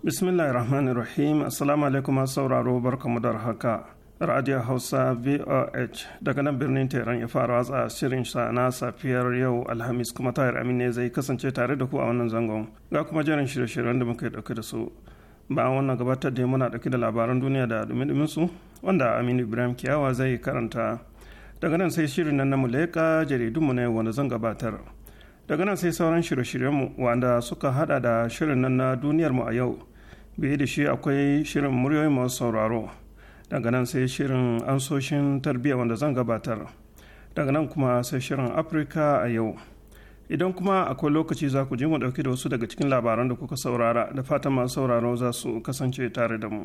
bismillahir rahmanir rahim assalamu alaikum sauraro barkamu da haka radio hausa voh daga nan birnin teran ya fara watsa shirin sa na safiyar yau alhamis kuma tayar amine zai kasance tare da ku a wannan zangon ga kuma jerin shirye-shiryen da muka dauke da su bayan wannan gabatar da muna dauke da labaran duniya da dumi su wanda aminu ibrahim kiyawa zai karanta daga nan sai shirin nan na muleka jaridunmu ne wanda zan gabatar daga nan sai sauran shirye-shiryenmu wanda suka hada da shirin nan na duniyarmu a yau biye da shi akwai shirin muryoyin masu sauraro daga nan sai shirin ansoshin tarbiyya wanda zan gabatar daga nan kuma sai shirin afirka a yau idan kuma akwai lokaci za ku ji mu ɗauki da wasu daga cikin labaran da kuka saurara da fatan masu sauraro za su kasance tare da mu.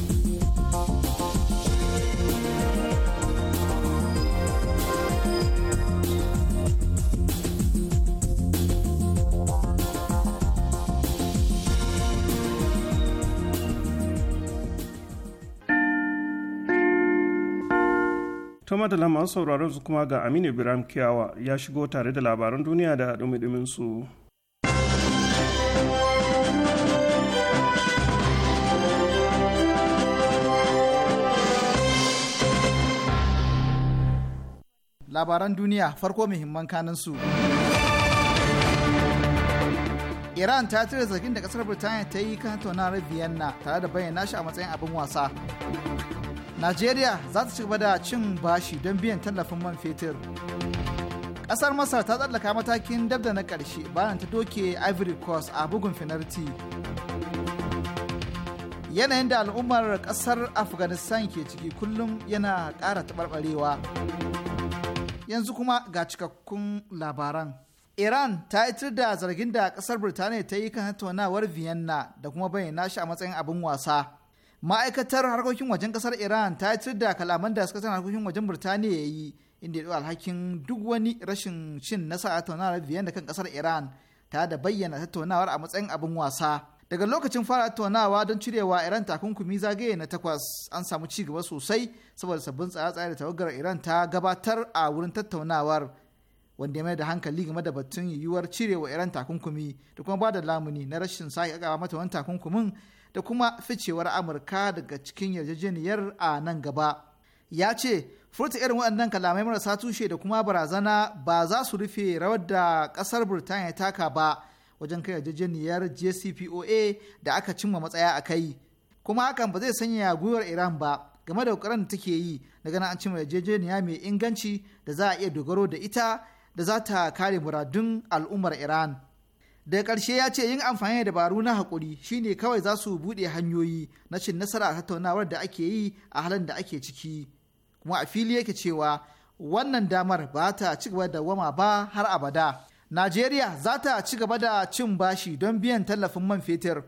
ta madala masu sauraron su kuma ga aminu ibrahim kiyawa ya shigo tare da labaran duniya da dumi su. labaran duniya farko muhimman kanin su. Iran ta cire zargin da kasar Birtaniya ta yi kan tattaunawar Vienna tare da bayyana shi a matsayin abin wasa. najeriya za ta ci gaba da cin bashi don biyan tallafin man fetur ƙasar masar ta tsallaka matakin dab na ƙarshe bayan ta doke ivory coast a bugun finarti yanayin da al'ummar ƙasar afghanistan ke ciki kullum yana ƙara taɓarɓarewa yanzu kuma ga cikakkun labaran iran ta itar da zargin da ƙasar birtaniya ta yi kan tattaunawar vienna da kuma bayyana shi a matsayin abin wasa ma'aikatar harkokin wajen kasar iran ta yi da kalaman da suka harkokin wajen birtaniya ya yi inda ya alhakin duk wani rashin cin nasara a tattaunawar da kan kasar iran ta da bayyana tattaunawar a matsayin abin wasa daga lokacin fara tattaunawa don cirewa iran takunkumi zagaye na takwas an samu ci gaba sosai saboda sabbin tsare-tsare da tawagar iran ta gabatar a wurin tattaunawar wanda ya mai da hankali game da batun yiwuwar cirewa iran takunkumi da kuma ba da lamuni na rashin sake mata wani takunkumin da kuma ficewar amurka daga cikin yarjejeniyar a nan gaba ya ce furta irin waɗannan kalamai marasa tushe da kuma barazana ba za su rufe rawar da ƙasar burtaniya taka ba wajen kai yarjejeniyar jcpoa da aka cimma matsaya a kai kuma hakan ba zai sanya gwiwar iran ba game da ƙoƙarin da take yi na ganin an cimma yarjejeniya mai inganci da za a iya dogaro da ita da za ta kare muradun al'ummar iran daga ƙarshe ya ce yin amfani da dabaru na hakuri shine kawai za su buɗe hanyoyi na cin nasara a tattaunawar da ake yi a halin da ake ciki kuma a fili yake cewa wannan damar ba ta ci gaba da wama ba har abada najeriya za ta ci gaba da cin bashi don biyan tallafin man fetur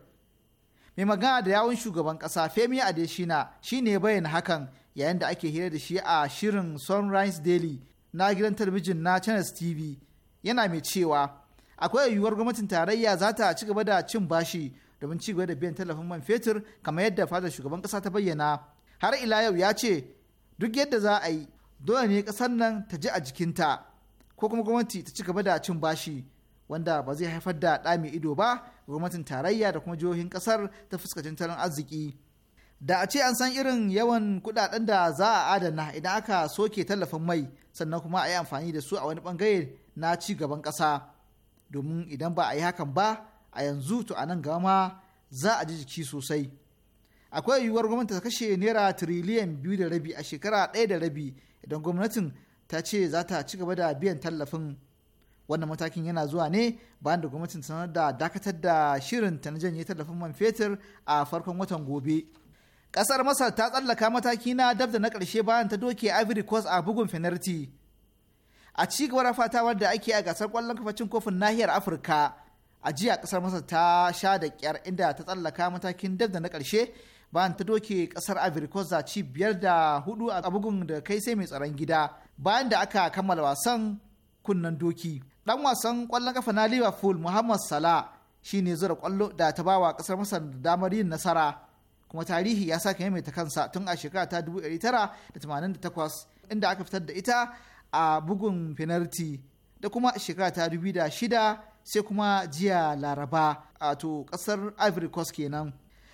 mai magana da yawon shugaban ƙasa femi adeshina shine bayyana hakan yayin da ake hira da shi a shirin sunrise daily na gidan talabijin na channels tv yana mai cewa akwai yiwuwar gwamnatin tarayya za ta ci gaba da cin bashi domin ci gaba da biyan tallafin man fetur kamar yadda fadar shugaban kasa ta bayyana har ila yau ya ce duk yadda za a yi dole ne kasar nan ta ji a jikinta ko kuma gwamnati ta ci gaba da cin bashi wanda ba zai haifar da ɗa mai ido ba gwamnatin tarayya da kuma jihohin kasar ta fuskacin tattalin arziki da a ce an san irin yawan kudaden da za a adana idan aka soke tallafin mai sannan kuma a yi amfani da su a wani bangare na ci gaban ƙasa. domin idan ba a yi hakan ba a yanzu to a nan gama za a ji jiki sosai akwai yiwuwar gwamnati ta kashe naira tiriliyan biyu da rabi a shekara ɗaya da rabi idan gwamnatin ta ce za ta ci gaba da biyan tallafin wannan matakin yana zuwa ne bayan da gwamnatin sanar da dakatar da shirin ta na janye tallafin man fetur a farkon watan gobe ƙasar masar ta tsallaka mataki na dab da na ƙarshe bayan ta doke ivory coast a bugun fenarti a ci gaba da fata wadda ake a gasar kwallon kafacin kofin nahiyar afirka a jiya kasar masar ta sha da kyar inda ta tsallaka matakin dab na karshe bayan ta doke kasar abirikosa ci biyar da hudu a bugun da kai sai mai tsaron gida bayan da aka kammala wasan kunnen doki dan wasan kwallon kafa na liverpool muhammad salah ne zura kwallo da ta bawa kasar masar damar yin nasara kuma tarihi ya sake maimaita kansa tun a shekara ta 1988 inda aka fitar da ita a bugun fenarti da kuma shekara ta da shida sai kuma jiya laraba a to kasar ivory coast kenan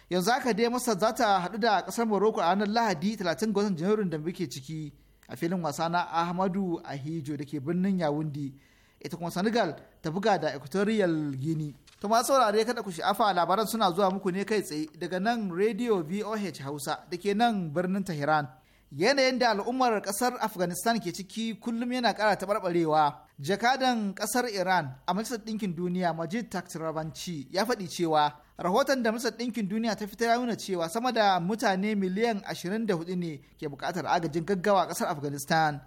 yanzu haka dai masa za ta haɗu da kasar morocco a ranar lahadi 30 ga watan janairun da muke ciki a filin wasa na ahmadu ahijo da ke birnin yawundi ita kuma senegal ta buga da equatorial guinea to ma saurare kada ku sha'afa labaran suna zuwa muku ne kai tsaye daga nan radio voh hausa da ke nan birnin tehran yanayin da al'ummar kasar afghanistan ke ciki kullum yana kara taɓarɓarewa jakadan kasar iran a majalisar ɗinkin duniya majid taktirabanci ya faɗi cewa rahoton da majalisar ɗinkin duniya ta fitar nuna cewa sama da mutane miliyan 24 ne ke bukatar agajin gaggawa a ƙasar afghanistan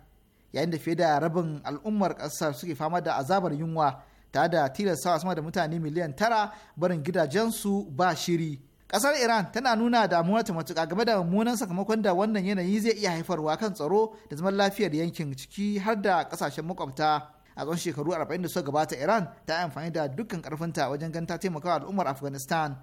yayin da fiye da rabin al'ummar ƙasar suke fama da azabar yunwa tare da tilastawa sama da mutane miliyan tara barin gidajensu ba shiri kasar iran tana nuna damuwa ta matuƙa game da mummunan sakamakon da wannan yanayi zai iya haifarwa kan tsaro da zaman lafiyar yankin ciki har da kasashen makwabta a tsawon shekaru arba'in da suka gabata iran ta yi amfani da dukkan karfinta wajen ganta taimakawa al'ummar afghanistan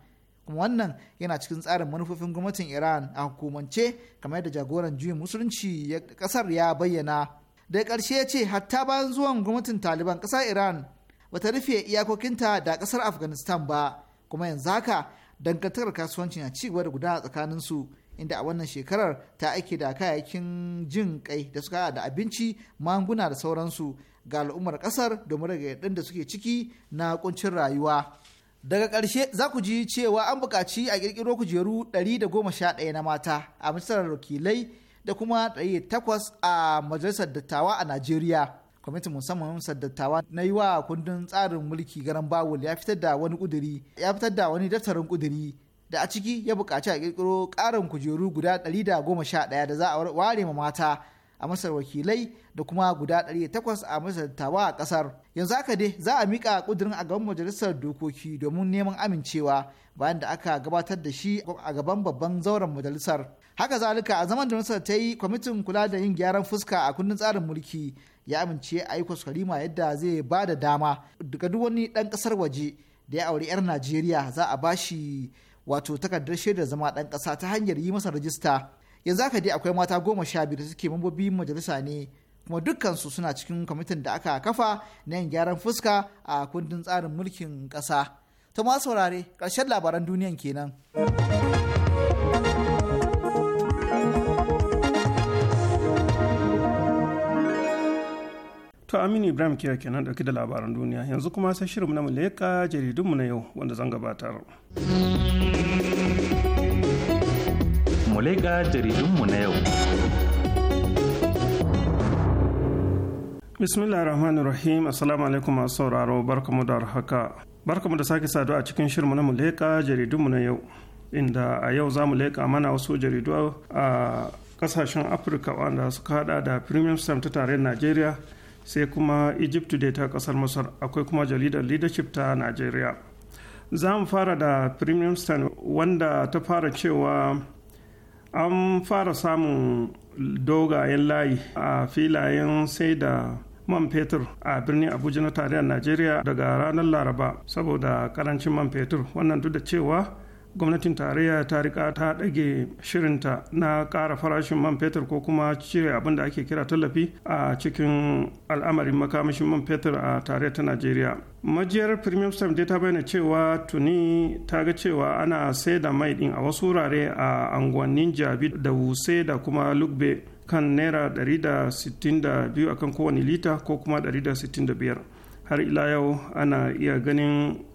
kuma wannan yana cikin tsarin manufofin gwamnatin iran a hukumance kamar yadda jagoran juyin musulunci kasar ya bayyana da karshe ya ce hatta bayan zuwan gwamnatin taliban kasar iran bata rufe iyakokinta da kasar afghanistan ba kuma yanzu haka dangantakar kasuwanci na ci gaba da gudana tsakanin su inda a wannan shekarar ta aike da kayayyakin jin kai da suka da abinci manguna da sauransu ga al'ummar kasar domin rage da suke ciki na kuncin rayuwa daga ƙarshe za ku ji cewa an bukaci a kirkiro kujeru 111 na mata a misalar wakilai da kuma 800 a majalisar dattawa a najeriya kwamitin musamman dattawa na yi wa kundin tsarin mulki garan bawul ya fitar da wani kuduri ya fitar da wani daftarin kuduri da a ciki ya bukaci a kirkiro ƙarin kujeru guda 111 da za a ware ma mata a masar wakilai da kuma guda 800 a masar dattawa a kasar. yanzu haka dai za a mika ƙudurin a gaban majalisar dokoki domin neman amincewa bayan da aka gabatar da shi a gaban babban zauren majalisar haka zalika a zaman da masar ta yi kwamitin kula da yin gyaran fuska a kundin tsarin mulki ya amince a yi kwaskwarima yadda zai ba da dama daga duk wani dan kasar waje da ya auri 'yar najeriya za a ba shi wato takardar shaidar zama dan kasa ta hanyar yi masa rajista yanzu haka dai akwai mata goma sha biyu da suke mambobi majalisa ne kuma dukkansu suna cikin kwamitin da aka kafa na yin gyaran fuska a kundin tsarin mulkin kasa. ta ma saurare karshen labaran duniyan kenan. To Aminu Ibrahim Kiyar kenan dauke da labaran duniya yanzu kuma sai shirin na muleka jaridunmu na yau wanda zan gabatar. Muleka jaridunmu na yau. Bismillah rahman rahim Assalamu alaikum masu sauraro barkamu da haka. Barkamu da sake saduwa a cikin shirin na muleka jaridunmu na yau. Inda a yau za mu leka mana wasu jaridu a kasashen Afirka wanda suka hada da Premium Stamp ta tarayyar Najeriya sai kuma egypt da ta kasar masar akwai kuma jaridar leadership ta nigeria za mu fara da premium stand wanda ta fara cewa an fara samun dogayen layi a filayen sai da man fetur a birnin abuja na tarayyar najeriya daga ranar laraba saboda karancin man fetur wannan duk da cewa gwamnatin tarayya ta rika ta ɗage shirinta na kara farashin man fetur ko kuma cire abin da ake kira tallafi a cikin al'amarin makamashin man fetur a tarayyar ta najeriya majiyar premium stamp dai ta bayyana cewa tuni ta ga cewa ana sai da mai ɗin a wasu wurare a unguwannin jabi da wuse da kuma lugbe kan naira 162 akan kowane lita ko kuma 165 har ila yau ana iya ganin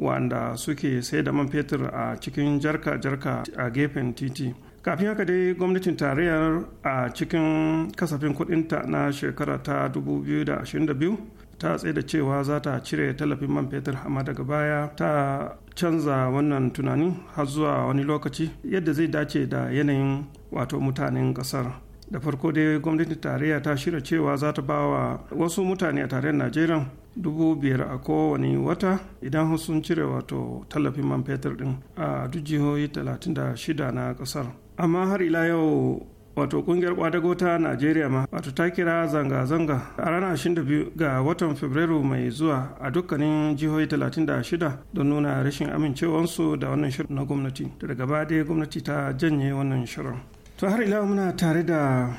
wanda suke sai da man fetur a cikin jarka-jarka a gefen titi kafin haka dai gwamnatin tarayyar a cikin kasafin kudinta na shekara ta 2022 ta tsaye da cewa za ta cire tallafin man fetur amma daga baya ta canza wannan tunani har zuwa wani lokaci yadda zai dace da yanayin wato mutanen ƙasar. da farko dai gwamnatin tarayya ta shirya cewa za ta ba wa wasu mutane a tarayyar najeriya dubu biyar a kowane wata idan sun cire wato tallafin man fetur din a duk jihohi talatin da shida na kasar amma har ila yau wato kungiyar kwadago ta najeriya ma wato ta kira zanga-zanga a ranar 22 ga watan fabrairu mai zuwa a dukkanin jihohi 36 don nuna rashin amincewansu da wannan shirin na gwamnati daga gaba dai gwamnati ta janye wannan shirin to har ila muna tare da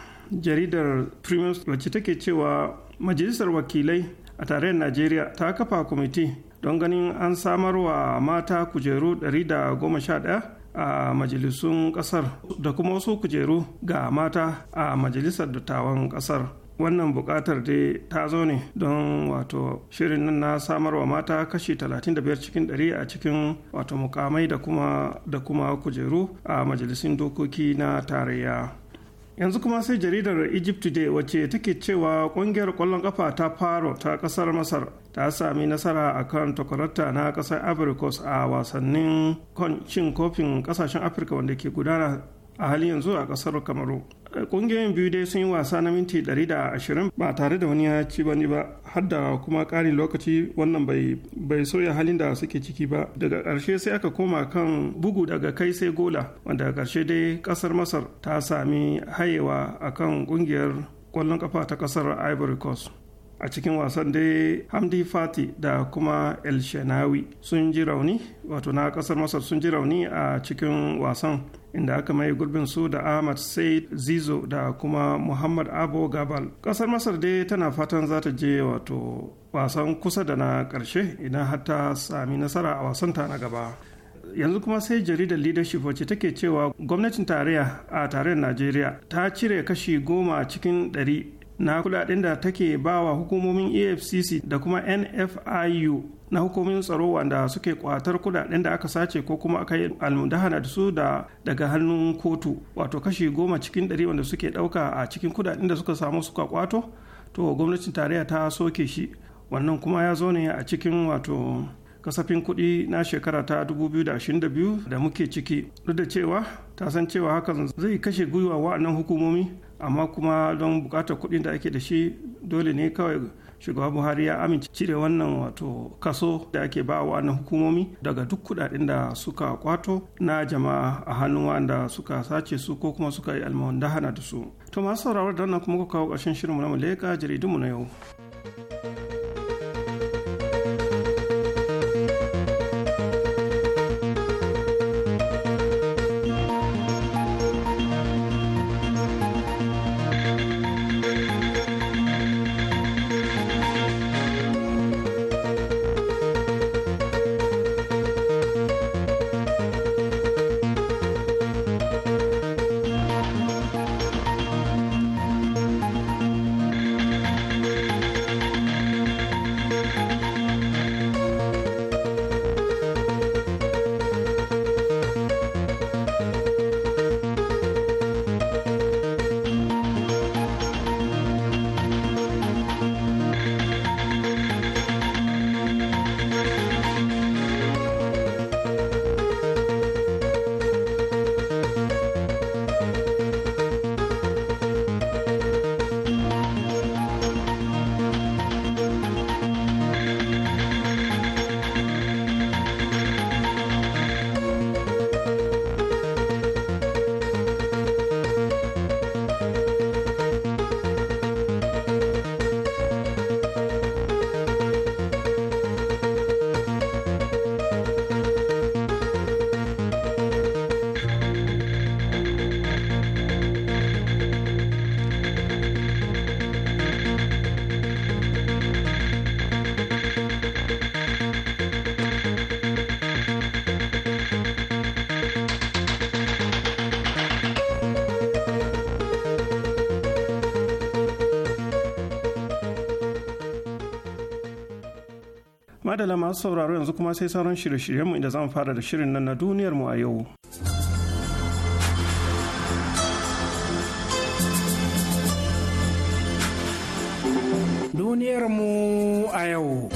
jaridar premium wacce take cewa majalisar wakilai a tarayyar najeriya ta kafa kwamiti don ganin an samar wa mata kujeru 111 a majalisun kasar da kuma wasu kujeru ga mata a majalisar dattawan kasar wannan buƙatar dai ta zo ne don wato shirin nan na samarwa mata kashi 35 cikin 100 a cikin wato mukamai da kuma da kuma kujeru a majalisun dokoki na tarayya yanzu kuma sai jaridar egypt today wacce take cewa kungiyar kwallon kafa ta faro ta kasar masar ta sami nasara a kan takwarata na kasar africos a wasannin cin kofin kasashen afirka wanda ke gudana a halin yanzu a kasar kamaru kungiyoyin biyu dai sun yi wasa na minti 120 ba tare da wani ya ci bani ba har da kuma ƙarin lokaci wannan bai soya halin da suke ciki ba daga ƙarshe sai aka koma kan bugu daga kai sai gola wanda ƙarshe dai ƙasar masar ta sami hayewa a kan ƙungiyar ƙwallon ƙafa ta ƙasar ivory coast a cikin wasan dai hamdi fati da kuma el shenawi sun ji rauni wato na ƙasar masar sun ji rauni a cikin wasan inda aka mai gurbin su da ahmad said zizo da kuma muhammad Abu gabal kasar masar dai tana fatan za ta je wato wasan kusa da na karshe idan har ta sami nasara a wasan ta na gaba yanzu kuma sai jaridar leadership wacce take cewa gwamnatin tarayya a tarayyar najeriya ta cire kashi goma cikin ɗari na kudaden da take bawa hukumomin efcc da kuma nfiu na hukumomin tsaro wanda suke kwatar kudaden da aka sace ko kuma aka yi almudahana da su da daga hannun kotu wato kashi goma cikin ɗari wanda suke ɗauka a cikin kudaden da suka samu suka kwato to gwamnatin tarayya ta soke shi wannan kuma ya zo ne a cikin wato kasafin kuɗi na shekara ta 2022 da muke ciki duk da cewa ta san cewa hakan zai kashe gwiwa wa'annan hukumomi amma kuma don bukatar kuɗin da ake da shi dole ne kawai shugaba buhari ya amince cire wannan wato kaso da ake ba wa na hukumomi daga duk kudaden da suka kwato na jama'a a hannun wanda suka sace su ko kuma suka yi almawandahana da su to masu sauraro da wannan kuma ku kawo ƙarshen shirinmu na muleka jaridunmu na yau Allah masu sauraro yanzu kuma sai sauran shirye-shiryenmu inda zamu fara da shirin nan na duniyar mu a yau. Duniyar mu a yau.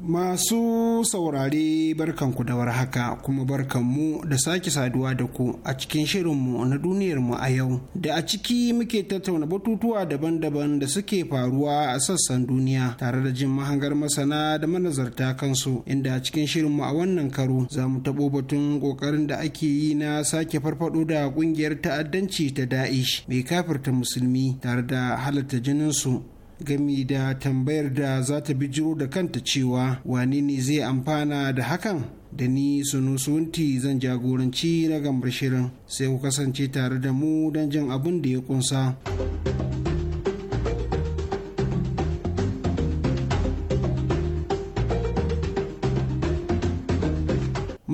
Masu saurare barkanku da warhaka kuma barkanmu da sake saduwa da ku a cikin shirinmu na duniyarmu a yau da a ciki muke tattauna batutuwa daban-daban da suke faruwa a sassan duniya tare da jin mahangar masana da manazarta kansu inda a cikin shirinmu a wannan karo za mu taɓo batun ƙoƙarin da ake yi na sake farfaɗo da ƙungiyar ta'addanci ta da'ish mai kafirta musulmi tare da halatta su. gami da tambayar da za ta bijiro da kanta cewa wane ne zai amfana da hakan da ni sunu sunti zan jagoranci na gambar shirin sai ku kasance tare da mu don jin abin da ya kunsa.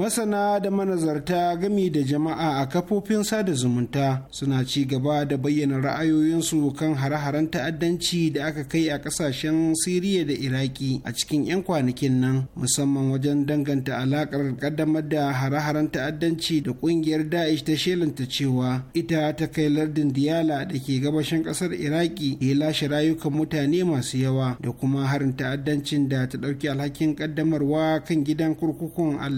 masana da manazarta gami da jama'a a kafofin sada zumunta suna ci gaba da bayyana ra'ayoyinsu kan hare-haren ta'addanci da aka kai a kasashen siriya da iraki a cikin 'yan kwanakin nan musamman wajen danganta alakar kaddamar da hare-haren ta'addanci da kungiyar da'ish ta shelanta cewa ita ta kai lardin diyala da ke gabashin kasar iraki ya lashe rayukan mutane masu yawa da kuma harin ta'addancin da ta ɗauki alhakin kaddamarwa kan gidan kurkukun al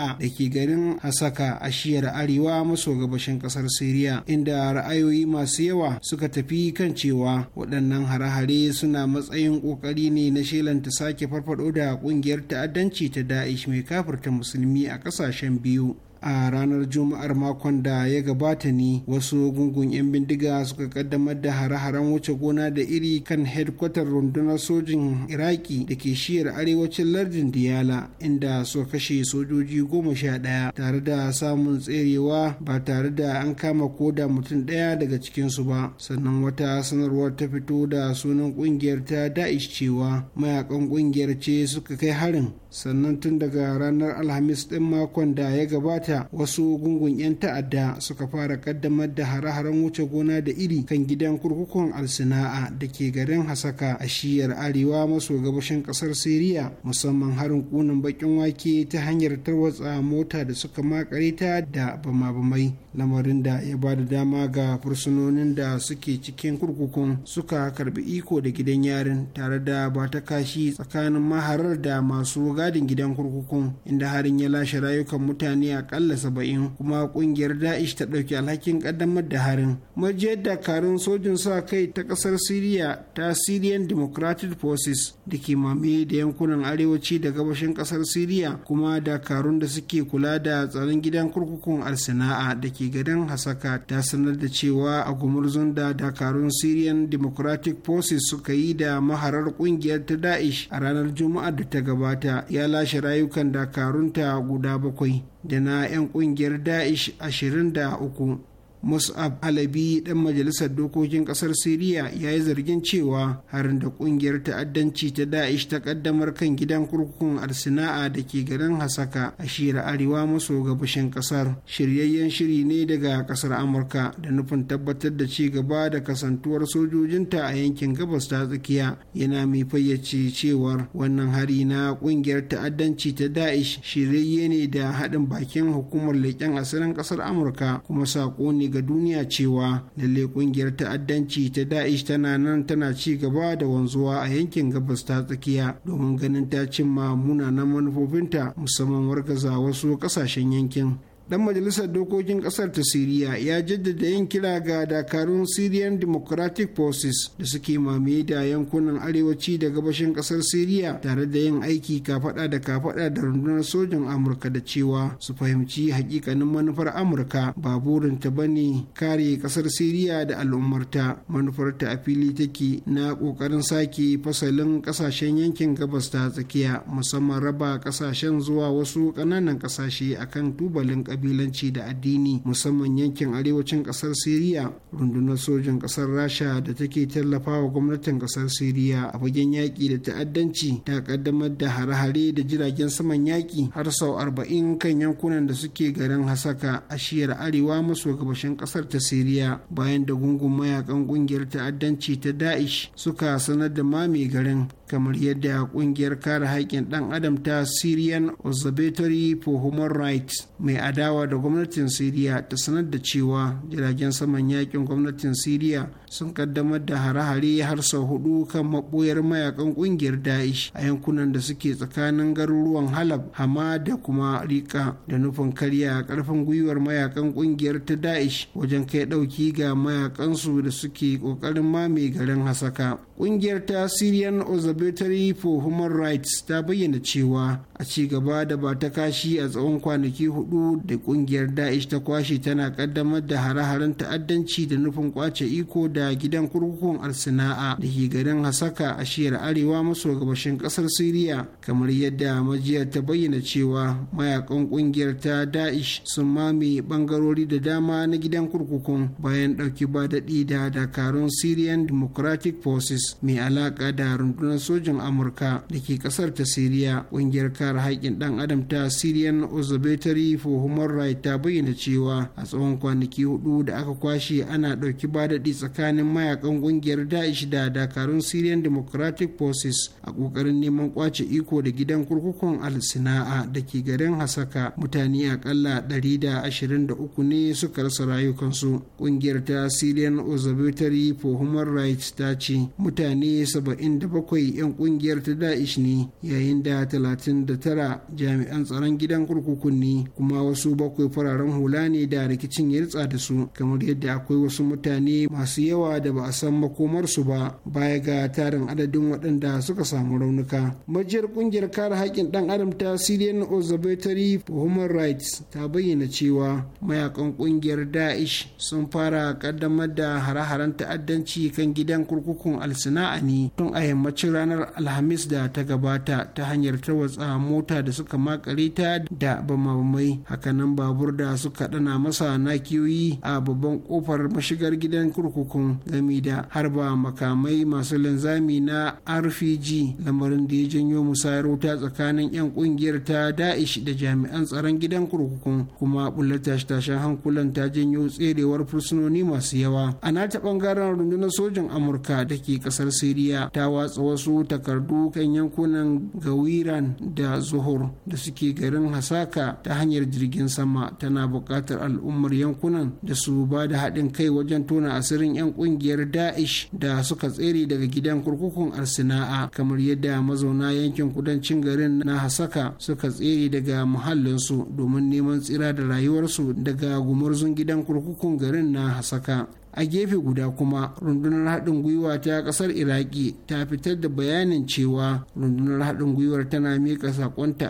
sana'a da ke garin hasaka a shiyar arewa maso gabashin kasar siriya inda ra'ayoyi masu yawa suka tafi kan cewa waɗannan hare-hare suna matsayin ƙoƙari ne na shelanta sake farfaɗo da ƙungiyar ta'addanci ta da'ish mai kafirta musulmi a ƙasashen biyu a ranar juma'ar makon da ya gabata ne wasu gungun 'yan bindiga suka kaddamar da hare-haren wuce gona da iri kan hedkwatar rundunar sojin iraki da ke shiyar arewacin lardin diyala inda suka kashe sojoji goma sha ɗaya tare da samun tserewa ba tare da an kama ko da mutum ɗaya daga cikinsu ba sannan wata sanarwar ta fito da sunan kungiyar ta da'ish cewa mayakan kungiyar ce suka kai harin sannan tun daga ranar alhamis ɗin makon da ya gabata gabata wasu gungun 'yan ta'adda suka fara kaddamar da hare-haren wuce gona da iri kan gidan kurkukun alsina'a da ke garin hasaka a shiyar arewa maso gabashin kasar siriya musamman harin kunan bakin wake ta hanyar tarwatsa mota da suka makare ta da bama-bamai lamarin da ya ba da dama ga fursunonin da suke cikin kurkukun suka karbi iko da gidan yarin tare da ba ta kashi tsakanin maharar da masu gadin gidan kurkukun inda harin ya lashe rayukan mutane a akalla saba'in kuma kungiyar da'ish ta ɗauki alhakin ƙaddamar da harin majiyar dakarun sojin sa kai ta ƙasar siriya ta syrian democratic forces da ke mame da yankunan arewaci da gabashin ƙasar siriya kuma dakarun da suke kula da tsaron gidan kurkukun arsana'a da ke ke gadon hasaka ta sanar da cewa a gumurzun da dakarun syrian democratic forces suka yi da maharar kungiyar ta da'ish a ranar juma'ar da ta gabata ya lashe rayukan dakarunta guda bakwai da na 'yan kungiyar da'ish ashirin da uku mus'ab halabi dan majalisar dokokin kasar siriya ya yi zargin cewa harin da kungiyar ta'addanci ta da'ish ta kaddamar kan gidan kurkukun arsina'a da ke garin hasaka a shira arewa maso gabashin kasar shiryayyen shiri ne daga kasar amurka da nufin tabbatar da ci gaba da kasantuwar sojojinta a yankin gabas ta tsakiya yana mai fayyace cewar wannan hari na kungiyar ta'addanci ta da'ish shiryayye ne da haɗin bakin hukumar leƙen asirin kasar amurka kuma saƙo ne ga duniya cewa lalle kungiyar ta'addanci ta da'ish tana nan tana ci gaba da wanzuwa a yankin gabas ta tsakiya domin ganin ta cimma munanan manufofinta musamman wargaza wasu kasashen yankin dan majalisar dokokin kasar ta siriya ya jaddada yin kira ga dakarun syrian democratic forces da suke mamaye da yankunan arewaci da gabashin kasar siriya tare da yin aiki kafada da kafada da rundunar sojin amurka da cewa su fahimci hakikanin manufar amurka ba burinta ba ne kare kasar siriya da al'ummarta manufarta a fili take na kokarin sake fasalin kasashen yankin gabas ta tsakiya musamman raba kasashen zuwa wasu ƙananan kasashe akan tubalin kabilanci da addini musamman yankin arewacin kasar siriya rundunar sojin kasar rasha da take tallafawa gwamnatin kasar siriya a fagen yaƙi da ta'addanci ta kaddamar da hare-hare da jiragen saman yaƙi har sau arba'in kan yankunan da suke garin hasaka a shiyar arewa maso gabashin kasar ta siriya bayan da gungun mayakan ƙungiyar ta'addanci ta da'ish suka sanar da mame garin kamar yadda kungiyar kare haƙƙin ɗan adam ta syrian observatory for human rights mai adawa da gwamnatin syria ta sanar da cewa jiragen saman yakin gwamnatin syria sun kaddamar da hare-hare har sau hudu kan maɓoyar mayakan kungiyar daesh a yankunan da suke tsakanin garuruwan halab hama da kuma rika da nufin karya ƙarfin gwiwar mayakan kungiyar ta daesh wajen kai ɗauki ga mayakansu da suke ƙoƙarin mame garin hasaka kungiyar ta syrian observatory for human rights ta bayyana cewa a ci gaba da ba ta kashi a tsawon kwanaki hudu da kungiyar daesh ta kwashe tana kaddamar da hare-haren ta'addanci da nufin kwace iko da gidan kurkukun arsana'a da ke garin hasaka a shiyar arewa maso gabashin kasar syria kamar yadda majiyar ta bayyana cewa mayakan kungiyar ta daesh sun mame bangarori da dama na gidan kurkukun bayan dauki ba daɗi da dakarun syrian democratic forces mai alaka da rundunar sojin Amurka da ke kasar ta Siriya ƙungiyar kare haƙƙin ɗan adam ta Syrian Observatory for Human Rights ta bayyana cewa a tsawon kwanaki hudu da aka kwashe ana ɗauki ba daɗi tsakanin mayakan ƙungiyar Daesh da dakarun Syrian Democratic Forces a ƙoƙarin neman kwace iko da gidan kurkukun Al-Sina'a da ke garin Hasaka mutane akalla uku ne suka rasa rayukansu ƙungiyar ta Syrian Observatory for Human Rights ta ce mutane 77 'yan kungiyar ta da'ish ne yayin da 39 jami'an tsaron gidan kurkukun ne kuma wasu bakwai fararen hula ne da rikicin ya ritsa da su kamar yadda akwai wasu mutane masu yawa da ba a san makomarsu ba baya ga tarin adadin waɗanda suka samu raunuka majiyar kungiyar kare haƙƙin ɗan adam ta syrian observatory for human rights ta bayyana cewa mayakan kungiyar da'ish sun fara kaddamar da hare-haren ta'addanci kan gidan kurkukun al sana'a ne tun a yammacin ranar alhamis da ta gabata ta hanyar tarwatsa mota da suka makare ta da bamabamai hakanan babur da suka dana masa na kiyoyi a babban kofar mashigar gidan kurkukun gami da harba makamai masu linzami na rpg lamarin da ya janyo musayar wuta tsakanin 'yan kungiyar ta da'ish da jami'an tsaron gidan kurkukun kuma bullar tashe-tashen hankulan ta janyo tserewar fursunoni masu yawa ana nata bangaren rundunar sojin amurka da ke kasar siriya ta watsa wasu takardu kan yankunan gawiran da zuhur da suke garin hasaka ta hanyar jirgin sama tana buƙatar al'ummar yankunan da su ba da haɗin kai wajen tona asirin 'yan ƙungiyar da'ish da suka tsere daga gidan kurkukun arsina'a kamar yadda mazauna yankin kudancin garin na hasaka suka tsere daga muhallinsu domin neman tsira da rayuwarsu daga gumurzun gidan kurkukun garin na hasaka a gefe guda kuma rundunar haɗin gwiwa ta ƙasar iraki ta fitar da bayanin cewa rundunar haɗin gwiwar tana miƙa saƙon ta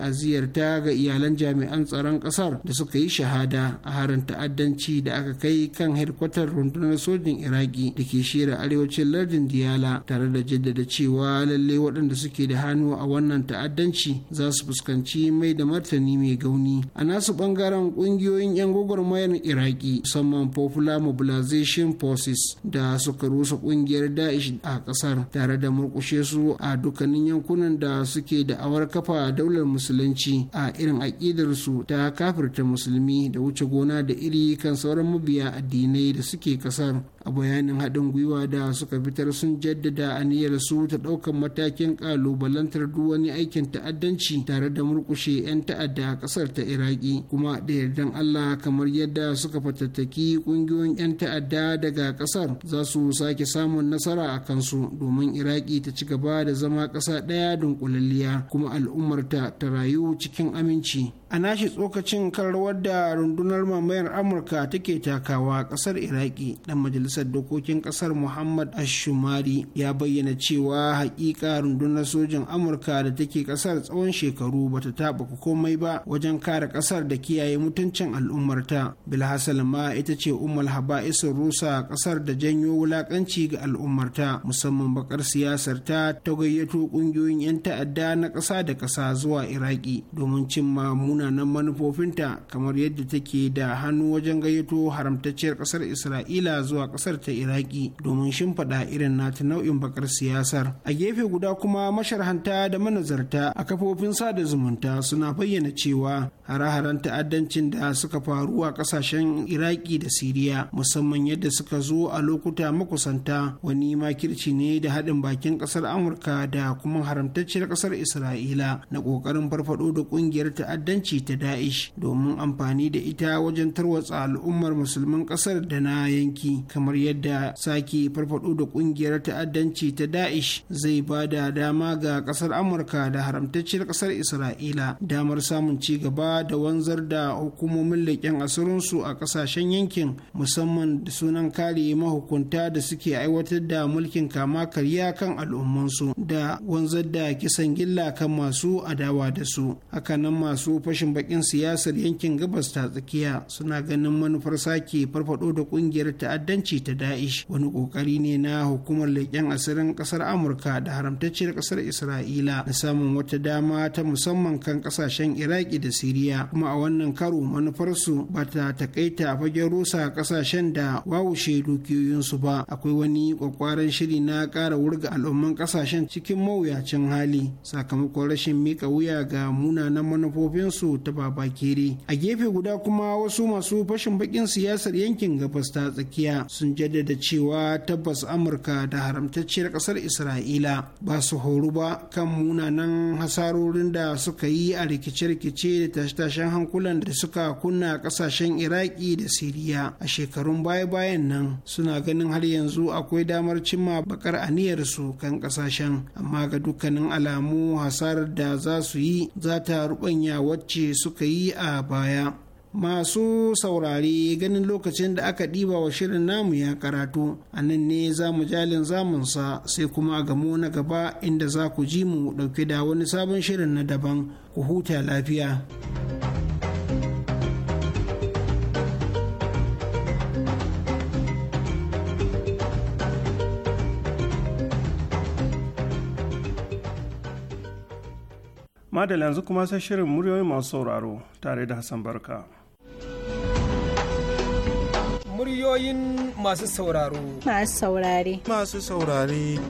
ga iyalan jami'an tsaron ƙasar da suka yi shahada a harin ta'addanci da aka kai kan hedkwatar rundunar sojin iraki da ke shira arewacin lardin diyala tare da jaddada cewa lalle waɗanda suke da hannu a wannan ta'addanci za su fuskanci mai da martani mai gauni a nasu ɓangaren ƙungiyoyin 'yan gwagwarmayar iraki musamman popular mobilization Defending Forces da suka rusa kungiyar Daesh a kasar tare da murkushe su a dukkanin yankunan da suke da awar kafa daular musulunci a irin aƙidar su ta kafirta musulmi da wuce gona da iri kan sauran mabiya addinai da suke kasar a bayanin haɗin gwiwa da suka fitar sun jaddada aniyar su ta ɗaukar matakin ƙalubalantar duk wani aikin ta'addanci tare da murkushe 'yan ta'adda a ƙasar ta iraki kuma da yardan allah kamar yadda suka fatattaki ƙungiyoyin 'yan ta'adda daga kasar za su sake samun nasara a kansu domin iraki ta ci gaba da zama ƙasa ɗaya dunkulalliya kuma al'ummarta ta rayu cikin aminci a nashi tsokacin kan rawar da rundunar mamayar amurka take takawa kasar iraki dan majalisar dokokin kasar muhammad ashumari ya bayyana cewa hakika rundunar sojin amurka da take kasar tsawon shekaru bata taɓa komai ba wajen kare kasar da kiyaye mutuncin al'ummarta bilhassan ma ita ce umar haba isin rusa a kasar da janyo wulakanci ga al'ummarta musamman bakar siyasar ta ta gayyato kungiyoyin 'yan ta'adda na ƙasa da ƙasa zuwa iraki domin cimma munanan manufofinta kamar yadda take da hannu wajen gayyato haramtacciyar ƙasar isra'ila zuwa ƙasar ta iraki domin shimfiɗa irin nata nau'in bakar siyasar a gefe guda kuma masharhanta da manazarta a kafofin sada zumunta suna bayyana cewa hare-haren ta'addancin da suka faru a ƙasashen iraki da siriya musamman yadda suka zo a lokuta makusanta wani makirci ne da haɗin bakin ƙasar amurka da kuma haramtacciyar ƙasar isra'ila na ƙoƙarin farfaɗo da ƙungiyar ta'addanci ta da'ish domin amfani da ita wajen tarwatsa al'ummar musulman ƙasar da na yanki kamar yadda sake farfaɗo da ƙungiyar ta'addanci ta da'ish zai ba da dama ga ƙasar amurka da haramtacciyar ƙasar isra'ila damar samun ci gaba da wanzar da hukumomin leƙen asirinsu a ƙasashen yankin musamman da sunan kare mahukunta da suke aiwatar da mulkin kama karya kan al'ummansu da wanzar da kisan gilla kan masu adawa da su hakanan masu fashin bakin siyasar yankin gabas ta tsakiya suna ganin manufar sake farfado da kungiyar ta'addanci ta da'ish wani kokari ne na hukumar leƙen asirin ƙasar amurka da haramtacciyar ƙasar isra'ila na samun wata dama ta musamman kan ƙasashen iraki da siriya kuma a wannan karo manufarsu ba ta takaita fagen rusa ƙasashen da wawu rushe dukiyoyinsu ba akwai wani kwakwaran shiri na ƙara wurga al'umman ƙasashen cikin mawuyacin hali sakamakon rashin mika wuya ga munanan manufofinsu ta babakere a gefe guda kuma wasu masu fashin bakin siyasar yankin gabas ta tsakiya sun jaddada cewa tabbas amurka da haramtacciyar ƙasar isra'ila ba su horu ba kan munanan hasarorin da suka yi a rikice-rikice da tashe-tashen hankulan da suka kunna ƙasashen iraki da siriya a shekarun baya-bayan nan suna ganin har yanzu akwai damar cimma bakar aniyarsu kan kasashen amma ga dukkanin alamu hasarar da za su yi za ta rubanya wacce suka yi a baya masu saurare ganin lokacin da aka ɗiba wa shirin namu ya karatu a nan ne za mu jalin zamunsa sai kuma a gamo na gaba inda za ku ji mu ɗauke da wani sabon shirin na daban ku huta lafiya. madal yanzu kuma sai shirin muryoyin masu sauraro tare da hassan barka muryoyin masu sauraro masu saurare masu saurare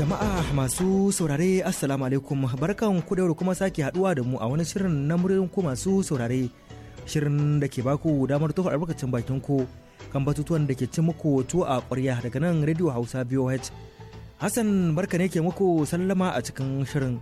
jama'a masu saurare assalamu alaikum barkan ku da kuma sake haduwa da mu a wani shirin na muryoyin ku masu saurare shirin da ke baku damar tofa albarkacin bakin ku kan batutuwan da ke cin muku tuwo a ƙwarya daga nan radio hausa voh Hassan barka ne ke muku sallama a cikin shirin.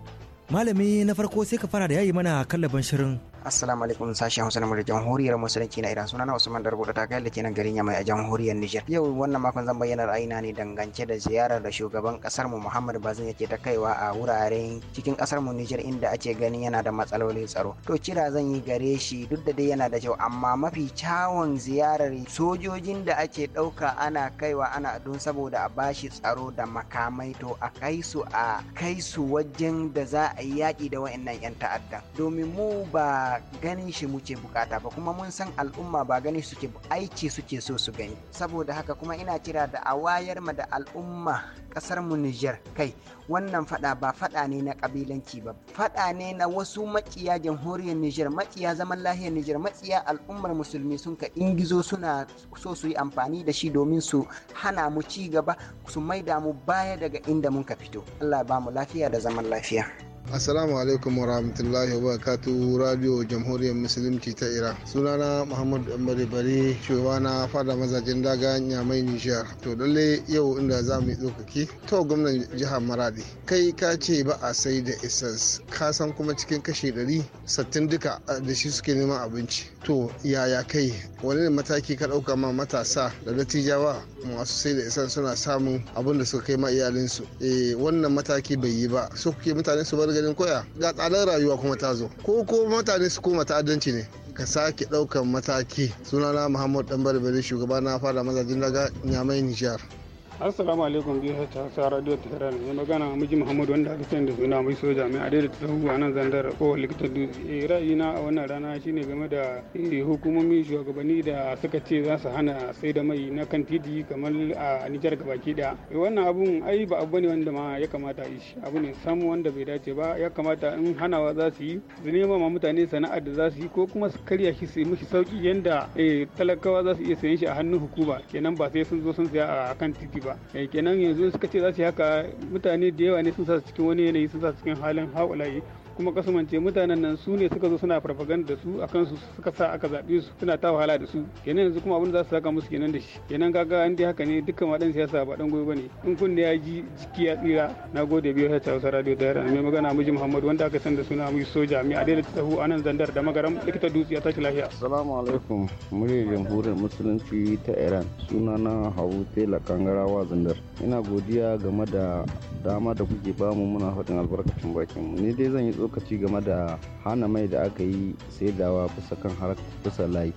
Malami na farko sai ka fara da yayi mana kallaban shirin. assalamu alaikum sashen hausa na jamhuriyar musulunci na iran sunana usman darbo da takai da kenan garin yamai a jamhuriyar niger yau wannan makon zan bayyana ra'ayina ne dangance da ziyarar da shugaban kasar mu muhammad bazin yake ta kaiwa a wuraren cikin kasar mu niger inda ake ganin yana da matsalolin tsaro to kira zan yi gare shi duk da dai yana da kyau amma mafi kyawun ziyarar sojojin da ake ɗauka ana kaiwa ana don saboda a bashi tsaro da makamai to a kai su a kai su wajen da za a yi yaƙi da wa'annan 'yan ta'adda domin mu ba ganin shi muke bukata ba kuma mun san al'umma ba gani suke aiki suke so su gani saboda haka kuma ina kira da a wayar ma da al'umma kasar mu Niger kai wannan fada ba fada ne na kabilanci ba fada ne na wasu makiya jamhuriyar Niger makiya zaman lahiyar Niger makiya al'ummar musulmi sun ka ingizo suna so su yi amfani da shi domin su hana mu ci gaba su maida mu baya daga inda mun ka fito Allah ba mu lafiya da zaman lafiya Asalamu alaikum wa rahmatullahi wa barakatu radio jamhuriyar musulunci ta Iran. Sunana Muhammad Ambari Bari shugaba na fada mazajen daga Nyamai Nijar. To lalle yau inda za mu yi tsokaki. To gwamnan jihar Maradi. Kai ka ce ba a sai da essence. Ka san kuma cikin kashe ɗari sattin duka da shi suke neman abinci. To yaya kai wani ne mataki ka ɗauka ma matasa da dattijawa masu sai da essence suna samun abin da suka kai ma iyalinsu. Eh wannan mataki bai yi ba. So kuke mutane su bar ganin koya ga tsadar rayuwa kuma ta zo ko ko mutane su koma ta'addanci ne ka sake ɗaukan mataki sunana muhammad dan barbari shugaba na fara mazajin daga nyamai nijar assalamu alaikum biyu ta sa radio tehran mai magana miji muhammadu wanda aka sani da suna mai soja mai adai ta tsohu a nan zandar ko likita Ra'ayi eh, ra'ayina a wannan rana shine game da hukumomi shugabanni da suka ce za su hana sai da mai na kan titi kamar a nijar gabaki daya eh, wannan abun ai ba abu ne wanda ma ya kamata a yi abu ne sam wanda bai dace ba ya kamata in hanawa za su yi su nema ma mutane sana'ar da za su yi ko kuma su karya shi su mishi sauki yanda eh, talakawa za su iya sayen shi a hannun hukuma kenan ba sai sun zo sun saya a kan titi ba eh, kenan yanzu suka ce za su yi haka mutane da yawa ne sun sa cikin wani yanayi sun sa cikin halin haƙulayi kuma kasumance mutanen nan su ne suka zo suna farfaganda da su a kansu suka sa aka zaɓe su suna ta wahala da su kenan yanzu kuma abin da za su saka musu kenan da shi kenan kaga an dai haka ne dukkan waɗansu siyasa ba ɗan ba ne. in kunne ya ji jiki ya tsira na gode biyu ta cawasa Radio yara mai magana miji Muhammad wanda aka san da suna mu soja mai adela ta tahu anan zandar da magaram likita dutse ya tashi lafiya salamu alaikum muryar jamhuriyar musulunci ta Iran sunana Hawu Tela Kangarawa zandar ina godiya game da dama da kuke bamu muna faɗin albarkacin bakin mu ni dai zan yi lokaci game da hana mai da aka yi saidawa kusa kan harkar kusa layi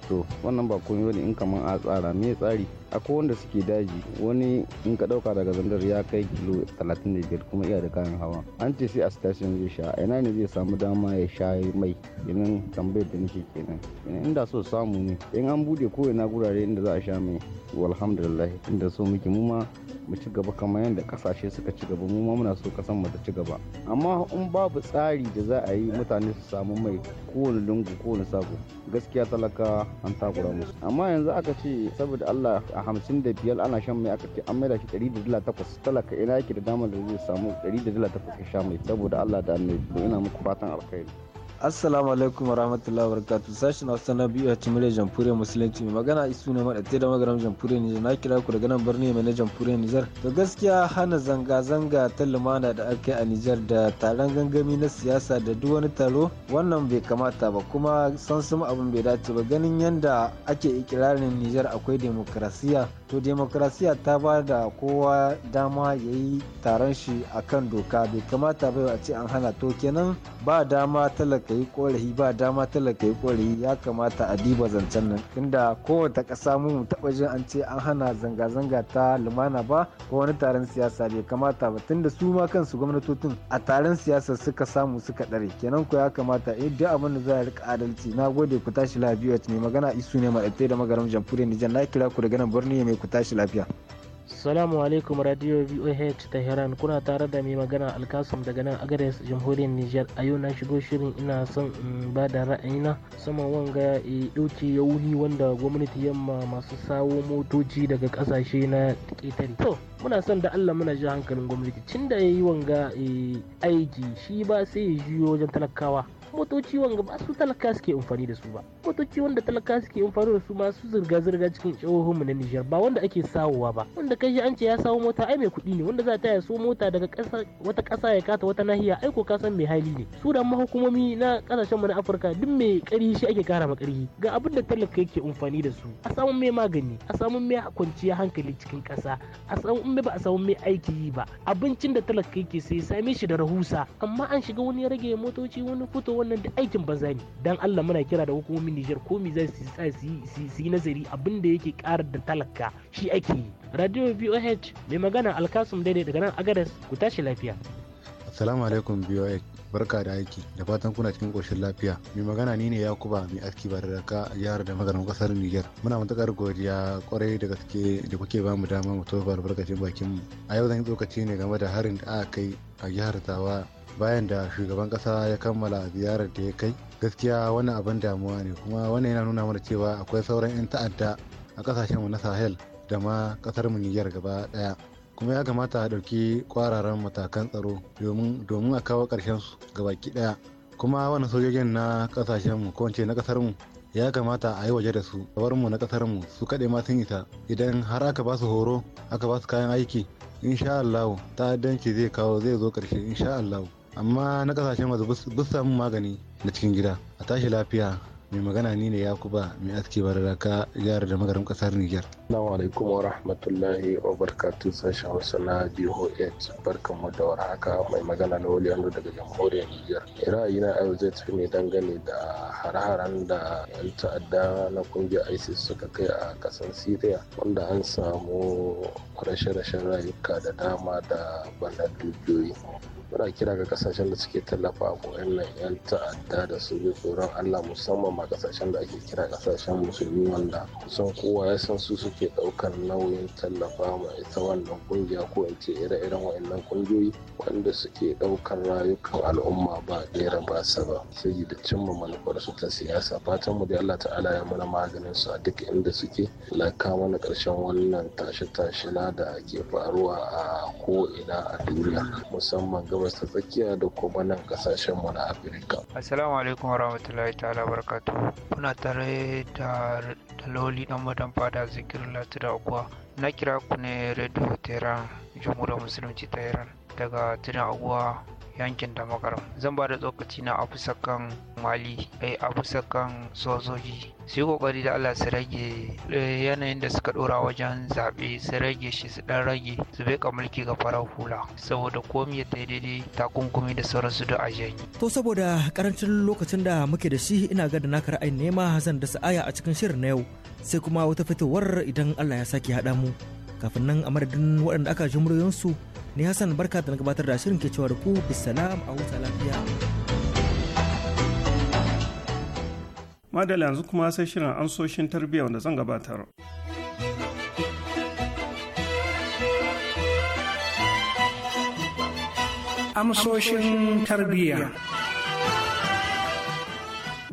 wannan ba komai bane in kamar a tsara me tsari akwai wanda suke daji wani in ka dauka daga zandar ya kai kilo 35 kuma iya da kayan hawa an ce sai a station zai sha ina ne zai samu dama ya sha mai idan tambayar da nake kenan inda so samu ne in an bude ko ina gurare inda za a sha mai walhamdulillah inda so muke mu ma mu ci gaba kamar yadda kasashe suka ci gaba mu ma muna so kasan mu ta ci gaba amma in babu tsari da za a yi mutane su samu mai kowane lungu kowane sako gaskiya talaka an takura musu amma yanzu aka ce saboda Allah a hamsin da biyar ana shan mai aka ce an maida shi ɗari da dala takwas talaka ina yake da damar da zai samu ɗari da dala takwas ka sha mai saboda allah da annabi ina muku fatan alkhairi assalamu alaikum wa rahmatullahi wa barakatuh sashen hausa na biyu a cimiliyar jamhuriyar musulunci mai magana isu ne maɗa da magaram jamhuriyar nijar na kira ku daga nan birni mai na jamhuriyar nijar to gaskiya hana zanga-zanga ta lumana da aka yi a nijar da taron gangami na siyasa da duk wani taro wannan bai kamata ba kuma san sun abin bai dace ba ganin yadda ake ikirarin nijar akwai demokrasiya to demokrasiya ta ba da kowa dama ya yi taron shi a kan doka bai kamata bai a ce an hana to kenan ba dama talaka yi korafi ba dama talaka yi korafi ya kamata a diba zancen nan inda kowace ƙasa mu taɓa jin an ce an hana zanga-zanga ta lumana ba ko wani taron siyasa bai kamata ba tunda su ma kansu gwamnatocin a taron siyasa suka samu suka ɗare kenan ko ya kamata eh duk abin da za rika adalci na gode ku tashi lafiya ne magana isu ne ma da magaram jamhuriyar Nijar na kira ku daga nan birni mai ku tashi lafiya Salamu alaikum Radio VOH Tehran kuna tare da mai magana Alkasum daga nan agares Jamhuriyar Nijar a yau na shigo shirin ina son in ba da ra'ayina sama wanga e ɗauki wuni wanda gwamnati yamma masu sawo motoci daga kasashe na ƙetare. To muna son da Allah muna ji hankalin gwamnati cinda da ya yi wanga aiki shi ba sai ya juyo wajen talakawa motoci wanga ba su talaka suke amfani da su ba motoci wanda talaka suke amfani da su ma su zirga zirga cikin jihohin mu na Nijar ba wanda ake sawowa ba wanda kai an ce ya sawo mota ai mai kuɗi ne wanda za ta ya so mota daga ƙasa wata ƙasa ya kata wata nahiya ai ko kasan mai hali ne su da mahukumomi na kasashen mu na Afirka duk mai ƙarfi shi ake kara ma ga abin da talaka yake amfani da su a samu mai magani a samu mai kwanciya hankali cikin ƙasa a samu mai ba a samu mai aiki yi ba abincin da talaka yake sai same shi da rahusa amma an shiga wani rage motoci wani fito wani wannan da aikin banza ne dan Allah muna kira da hukumomin Nijar ko mi za su yi nazari abinda yake karar da talaka shi ake yi radio BOH mai magana alkasum daidai daga nan agadas ku tashi lafiya assalamu alaikum BOH barka da aiki da fatan kuna cikin koshin lafiya mai magana ni ne yakuba mai aski ba da raka jihar da maganin kasar niger muna matukar godiya kwarai da gaske da kuke mu dama mu tofa albarkacin bakin mu a yau zan yi tsokaci ne game da harin da aka kai a jihar tawa bayan da shugaban kasa ya kammala ziyarar da ya kai gaskiya wani abin damuwa ne kuma wannan yana nuna mana cewa akwai sauran 'yan ta'adda a kasashenmu na sahel da ma kasar mu niyyar gaba daya kuma ya kamata a ɗauki kwararan matakan tsaro domin a kawo ƙarshen su baki daya kuma wannan sojojin na mu ko na kasar mu ya kamata a yi waje da su mu na kasar mu su kaɗe ma sun isa idan har aka ba su horo aka ba su kayan aiki insha Allah ta'addanci zai kawo zai zo ƙarshe insha amma na kasashen wasu bus samun magani na cikin gida a tashi lafiya mai magana ni ne yakuba mai aski bararaka jihar da magarin kasar niger Assalamu alaikum wa rahmatullahi wa barakatun sashen wasu na DOH barkan mu haka mai magana na Waliyandu daga jamhuriyar niger Ra'ayina a yau zai tafi ne dangane da hare-haren da 'yan ta'adda na kungiyar ISIS suka kai a kasan Syria wanda an samu rashe-rashen rayuka da dama da bana dubiyoyi. muna kira ga kasashen da suke tallafa koyon nan yan ta'adda da su bi tsoron Allah musamman ma kasashen da ake kira kasashen musulmi wanda kusan kowa ya san su suke daukar nauyin tallafa ma ita wannan kungiya ko in ce ire-iren wa'annan kungiyoyi wanda suke daukar rayukan al'umma ba ɗera ba saba sai da cimma su ta siyasa fatan mu da Allah ta'ala ya mana maganin su a duk inda suke laka mana karshen wannan tashe-tashe da ke faruwa a ko ina a duniya musamman ga gabas ta tsakiya da kuma nan kasashen mu na afirka assalamu alaikum warahmatullahi ta'ala barakatuhu kuna tare da daloli dan madan fada zikirin latira aguwa na kira ku ne radio tehran jamhuriyar musulunci ta iran daga tunan aguwa yankin damagaram zan ba da tsokaci na afusa kan mali ai eh, afusa kan sojoji su yi kokari da allah su rage eh, yanayin da suka dora wajen zaɓe su rage shi su dan rage su bai mulki ga farar hula saboda komi ya ta daidai takunkumi da sauransu da ajiyayi. to saboda karancin lokacin da muke da shi ina ga da naka ra'ayin nema zan da sa'aya a cikin shirin na yau sai kuma wata fitowar idan allah ya sake haɗa mu kafin nan a madadin waɗanda aka ji muryoyinsu ni hassan barka da na gabatar da shirin ke cewa da ku bisalam a huta lafiya madala yanzu kuma sai shirin amsoshin tarbiyya wanda zan gabatar amsoshin tarbiyya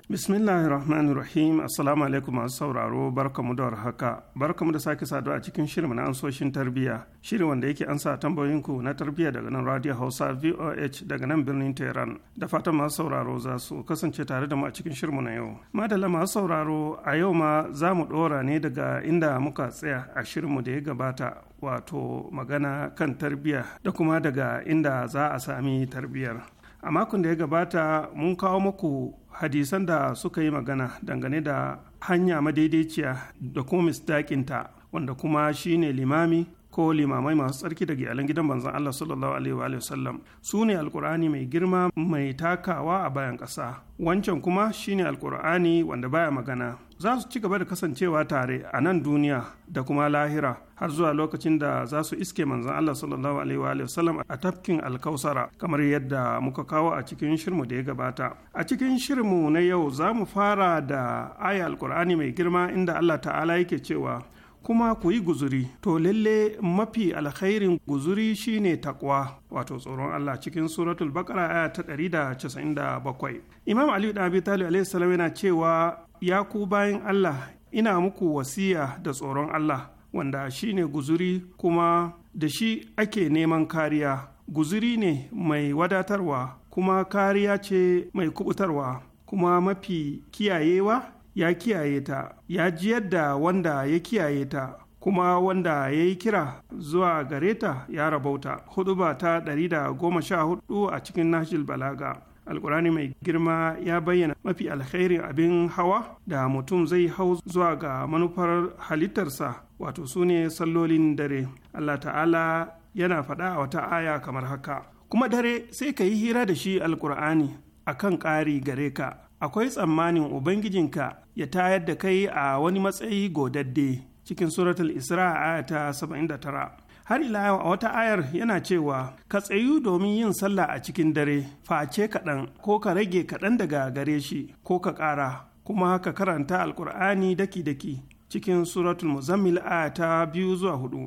bismillahir rahmanir rahim assalamu alaikum masu sauraro barkamu da warhaka barkamu da sake saduwa a cikin shirin na ansoshin tarbiyya shirin wanda yake ansa tambayoyin ku na tarbiyya daga nan radio hausa voh daga nan birnin tehran da fatan masu sauraro za su kasance tare da mu a cikin shirin na yau madalla masu sauraro a yau ma za mu dora ne daga inda muka tsaya a shirin mu da ya gabata wato magana kan tarbiyya da kuma daga inda za a sami tarbiyyar a makon da ya gabata mun kawo muku hadisan da suka yi magana dangane da hanya madaidaiciya da kuma mistakinta wanda kuma shine limami ko limamai masu tsarki daga iyalan gidan banzan Allah sallallahu alaihi wa sallam su ne alkur'ani mai girma mai takawa a bayan ƙasa wancan kuma shine alkur'ani wanda baya magana za su ci gaba da kasancewa tare a nan duniya da kuma lahira har zuwa lokacin da za su iske manzan Allah sallallahu alaihi wa sallam a tafkin alkausara kamar yadda muka kawo a cikin shirmu da ya gabata a cikin shirmu na yau za mu fara da aya alkur'ani mai girma inda Allah ta'ala yake cewa kuma ku yi guzuri to lalle mafi alkhairin guzuri shine takwa wato tsoron Allah cikin suratul baqara aya ta 197 imam ali da abi talib alaihi salam yana cewa ya ku bayan Allah ina muku wasiya da tsoron Allah wanda shi ne guzuri kuma da shi ake neman kariya guzuri ne mai wadatarwa kuma kariya ce mai kubutarwa kuma mafi kiyayewa ya kiyaye ta ya ji yadda wanda ya kiyaye ta kuma wanda ya yi kira zuwa gare ta ya rabauta hudu ba ta 114 a cikin nashil balaga alkurani mai girma ya bayyana mafi alkhairin abin hawa da mutum zai hau zuwa ga manufar halittarsa wato su ne sallolin dare allah ta'ala yana faɗa a wata aya kamar haka kuma dare sai ka yi hira da shi alkur'ani a kan ƙari gare ka akwai tsammanin ubangijinka ya tayar da kai a wani matsayi godadde cikin suratul isra aya ta 79 har ila yau a wata ayar yana cewa ka tsayu domin yin sallah a cikin dare face kaɗan ko ka rage kaɗan daga gare shi ko ka ƙara kuma ka karanta alkur'ani daki-daki cikin suratul muzammil aya ta biyu zuwa hudu.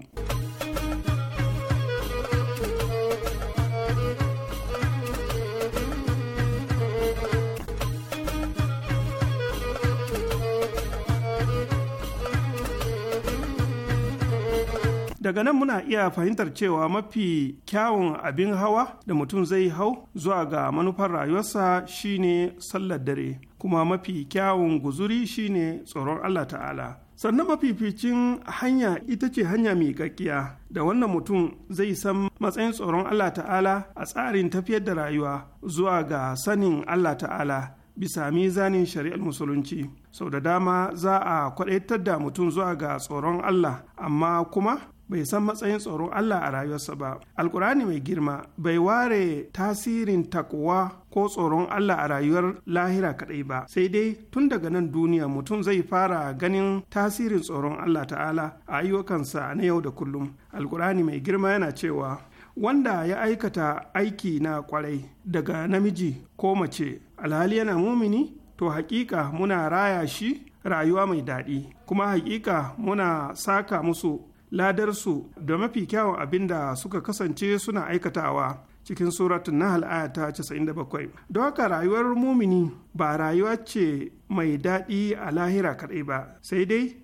daga nan muna iya fahimtar cewa mafi kyawun abin hawa da mutum zai hau zuwa ga manufar rayuwarsa shine sallar dare kuma mafi kyawun guzuri shine tsoron allah ta'ala sannan mafificin hanya ita ce hanya mai miƙaƙƙiya da wannan mutum zai san matsayin tsoron allah ta'ala a tsarin tafiyar da rayuwa zuwa ga sanin allah ta'ala bisa mizanin shari'ar musulunci sau da dama za a kwadaitar da mutum zuwa ga tsoron Allah amma kuma bai san matsayin tsoron Allah a rayuwarsa ba. Alkurani mai girma bai ware tasirin takuwa ko tsoron Allah a rayuwar lahira kaɗai ba, sai dai tun daga nan duniya mutum zai fara ganin tasirin tsoron Allah ta'ala a ayyukansa na yau da kullum. Alkurani mai girma yana cewa wanda ya aikata aiki na kwarai daga namiji ko mace alhali yana mumini to hakika muna raya shi rayuwa mai daɗi kuma hakika muna saka musu ladarsu da mafi kyawun abin da suka kasance suna aikatawa cikin suratun na aya ta 97. Don haka rayuwar mumini ba rayuwa ce mai daɗi a lahira kaɗai ba, sai dai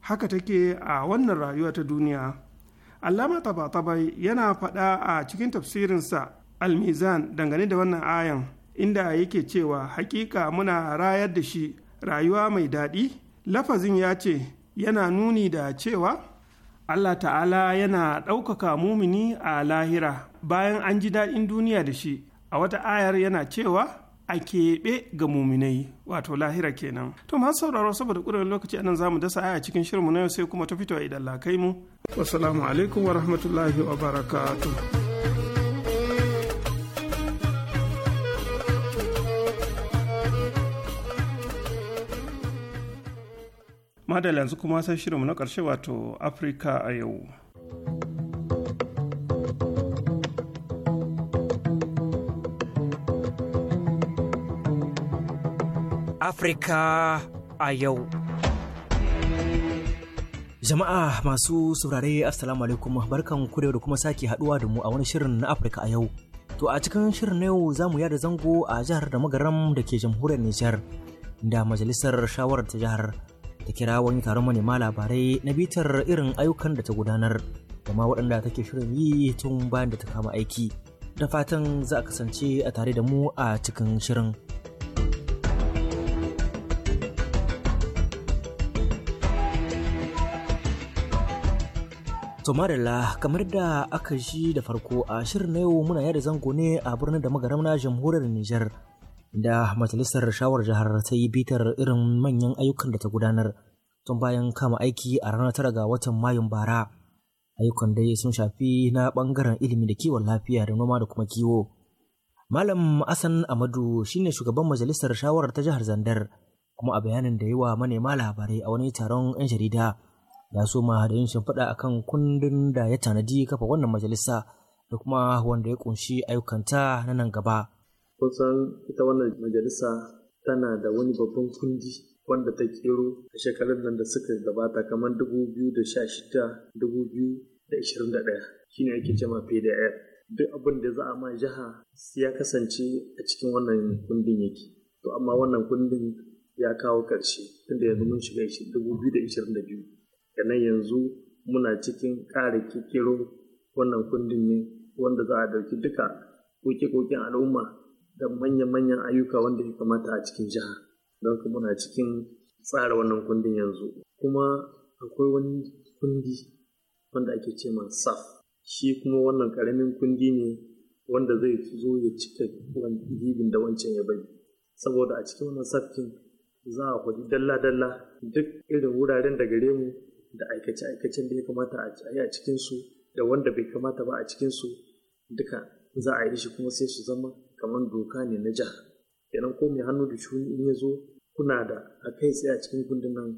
haka take a wannan rayuwa ta duniya. Allama taba-tabai yana faɗa a cikin tafsirinsa almizan dangane da wannan ayan inda yake cewa hakika muna rayar da shi rayuwa mai daɗi lafazin ya ce yana nuni da cewa Allah ta'ala yana ɗaukaka mumini a lahira bayan an ji daɗin duniya da shi a wata ayar yana cewa a keɓe ga muminai wato lahira kenan to masu sauraro saboda ƙudurin lokaci anan za mu dasa aya cikin shirinmu na yau sai kuma ta fito idan lakai mu wassalamu alaikum wa rahmatullahi wa barakatuh madalla yanzu kuma sai shirinmu na ƙarshe wato afirka a yau afirka a yau jama'a masu saurare assalamu alaikum barkan ku da kuma sake haduwa da mu a wani shirin na afirka a yau To a cikin shirin na yau za mu yada zango a jihar da magaram da ke jamhuriyar Nijar da majalisar shawarar ta jihar ta kira wani taron manema labarai na bitar irin ayyukan da ta gudanar da ma waɗanda take shirin yi tun bayan da ta kama aiki da fatan za a kasance a tare da mu a cikin shirin somarila kamar da aka shi da farko a shirin na yau muna yada zango ne a birnin da magaram na jamhuriyar nijar da majalisar shawar jihar ta yi bitar irin manyan ayyukan da ta gudanar tun bayan kama aiki a ranar tara ga watan mayun bara ayyukan dai sun shafi na bangaren ilimi da kiwon lafiya da noma da kuma kiwo malam asan amadu shine shugaban majalisar shawarar ta jihar zandar kuma a bayanin da yawa manema labarai a wani taron 'yan jarida ya soma da yin shimfiɗa kan kundin da ya tanadi kafa wannan majalisa da kuma wanda ya kunshi ayyukanta na nan gaba Kusan ita wannan majalisa tana da wani babban kundi wanda ta kero a shekarun nan da suka gabata kamar 2016 2021 shine ake cema pdf duk abin da za a ma jiha ya kasance a cikin wannan kundin yake to amma wannan kundin ya kawo ƙarshe tunda yanzu mun shiga 2022 nan yanzu muna cikin ƙara kekero wannan kundin ne wanda za a ɗauki duka koke-koken al'umma da manyan-manyan ayyuka wanda ya kamata a cikin jiha don kuma muna cikin tsara wannan kundin yanzu kuma akwai wani kundi wanda ake ce ma saf shi kuma wannan karamin kundi ne wanda zai zo ya cika bibin da wancan ya bari saboda a cikin wannan safin za a kwaji dalla-dalla duk irin wuraren da gare mu da aikace-aikacen da ya kamata a yi a cikinsu da wanda bai kamata ba a cikinsu duka za a yi shi kuma sai su zama kamar doka ne na jihar kenan ko mai hannu da shuni in ya zo kuna da a kai tsaye a cikin gundunan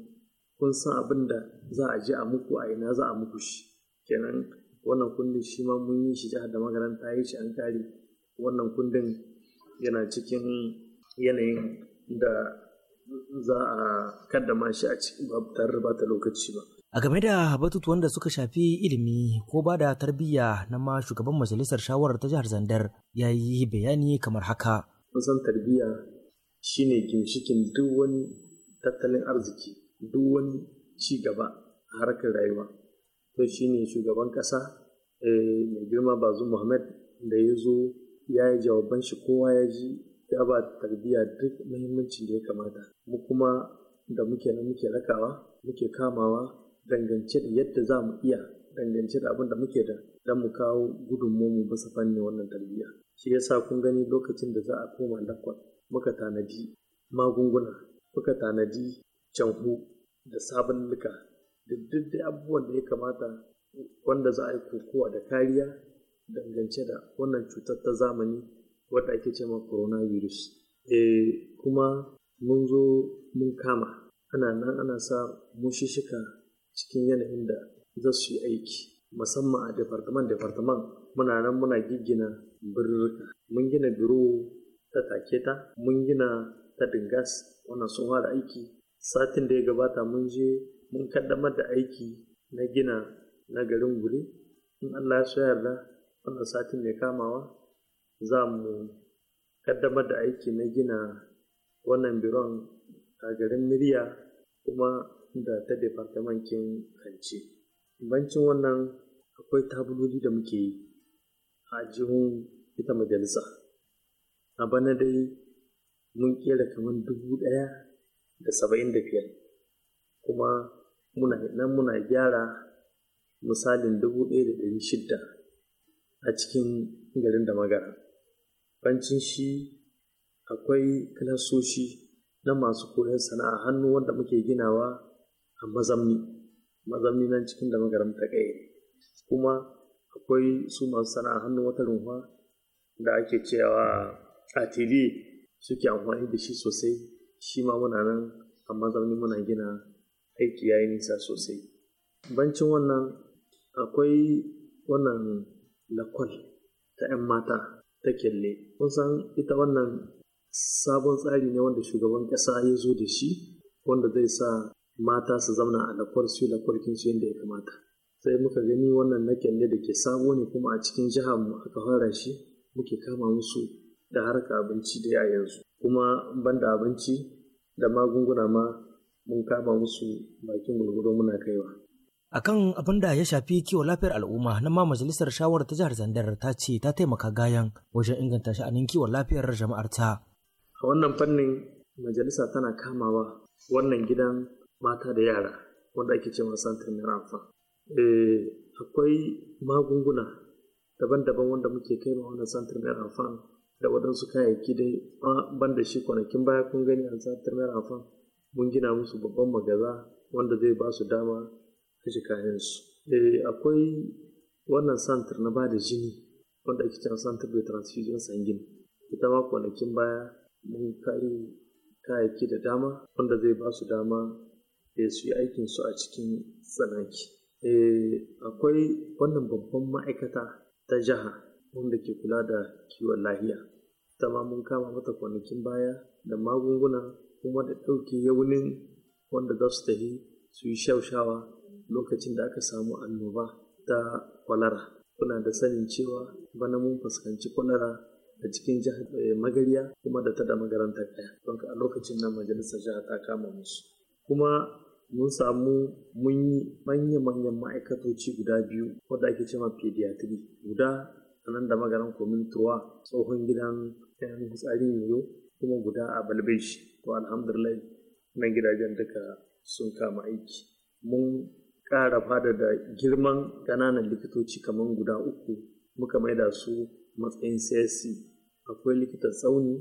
kun san abin da za a je a muku a ina za a muku shi kenan wannan kundin shi ma mun yi shi jihar da makaranta yi shi an kare wannan kundin yana cikin yanayin da za a kaddama shi a cikin babu tare da lokaci ba A game da batutuwan wanda suka shafi ilimi ko ba da tarbiyya na ma shugaban majalisar shawarar ta jihar Zandar ya yi bayani kamar haka. Kusan tarbiyya shine ginshikin duk wani tattalin arziki, duk wani ci gaba a harkar rayuwa. To ne shugaban ƙasa eh, mai girma bazu Muhammad da ya zo ya yi jawaban shi kowa ya ji ya ba tarbiyya duk muhimmancin da ya kamata. Mu kuma da muke nan muke rakawa, muke kamawa, dangance da yadda za mu iya dangance da abin da muke da don mu kawo gudunmu basa fannin wannan tarbiyya shi yasa kun gani lokacin da za a koma lakwal muka tanadi magunguna muka tanadi canhu da sabon luka da duk abubuwan da ya kamata wanda za a yi kokowa da kariya dangance da wannan cutar ta zamani wadda ake cewa coronavirus e, kuma mun zo mun kama ana nan ana sa mushishika cikin yanayin da za su yi aiki musamman a departament departament muna nan muna giggina birnuka mun gina biro ta taketa mun gina ta dingas wannan sun fara aiki satin da ya gabata mun je mun kaddamar da aiki na gina na garin guri in allah ya so yarda wannan satin mai kamawa za mu kaddamar da aiki na gina wannan biron a garin miriya kuma da ta departamentin kanci bancin wannan akwai tabuloli da muke yi a jihun ita majalisa a bana dai mun kera kamar dubu ɗaya da saba'in da biyar kuma muna nan muna gyara misalin dubu ɗaya da ɗari shida a cikin garin da magara bancin shi akwai kilasoshi na masu koyon sana'a hannu wanda muke ginawa a mazamni mazamni nan cikin da magaram ta kai kuma akwai su masu sana'a hannu wata rumfa da ake cewa a tili suke amfani da shi sosai shi ma muna nan a mazamni muna gina aiki yayi nisa sosai bancin wannan akwai wannan lakwal ta 'yan mata ta kyalle kun san ita wannan sabon tsari ne wanda shugaban ƙasa ya zo da shi wanda zai sa mata su zauna a lakwar su lakwarkin su yadda ya kamata sai muka gani wannan na kyalle da ke sabo ne kuma a cikin jiha mu aka fara shi muke kama musu da harka abinci da ya yanzu kuma banda abinci da magunguna ma mun kama musu bakin gurguru muna kaiwa akan abin da ya shafi kiwon lafiyar al'umma na ma majalisar shawarar ta jihar zandar ta ce ta taimaka gayan wajen inganta sha'anin kiwon lafiyar jama'ar ta a wannan fannin majalisa tana kamawa wannan gidan mata da yara wanda ake cewa santar mai amfa eh, akwai magunguna daban-daban wanda muke kai ma wannan santar mai amfa da waɗansu kayayyaki dai ban da shi kwanakin baya kun gani a santar mai amfa mun gina musu babban magaza wanda zai ba su dama kashe kayansu eh, akwai wannan santar na ba da jini wanda ake cewa santar da transfusion sanguine ita ma kwanakin baya mun kare kayayyaki da dama wanda zai ba su dama Eh, su yi aikin su a cikin tsanaki eh, akwai wannan babban ma'aikata ta jiha wanda ke kula da kiwon lahiya Tama ma mun kama mata kwanakin baya da magunguna kuma da ɗauke yaunin wanda za su tafi su yi shaushawa lokacin da aka samu annoba ta kwalara kuna da sanin cewa bana mun fuskanci kwalara a cikin jihar eh, magariya kuma da ta da magarantar ɗaya don a lokacin nan majalisar jiha ta kama musu kuma mun samu mun yi manya-manyan ma'aikatoci guda biyu wadda ake cewa pediatry guda a nan da magaran komintuwa tsohon gidan yan fitsarin yau kuma guda a balbeshi to alhamdulillah na gidajen duka sun kama aiki mun ƙara fada da girman ƙananan likitoci kamar guda uku muka mai da su matsayin sesi akwai likitan tsauni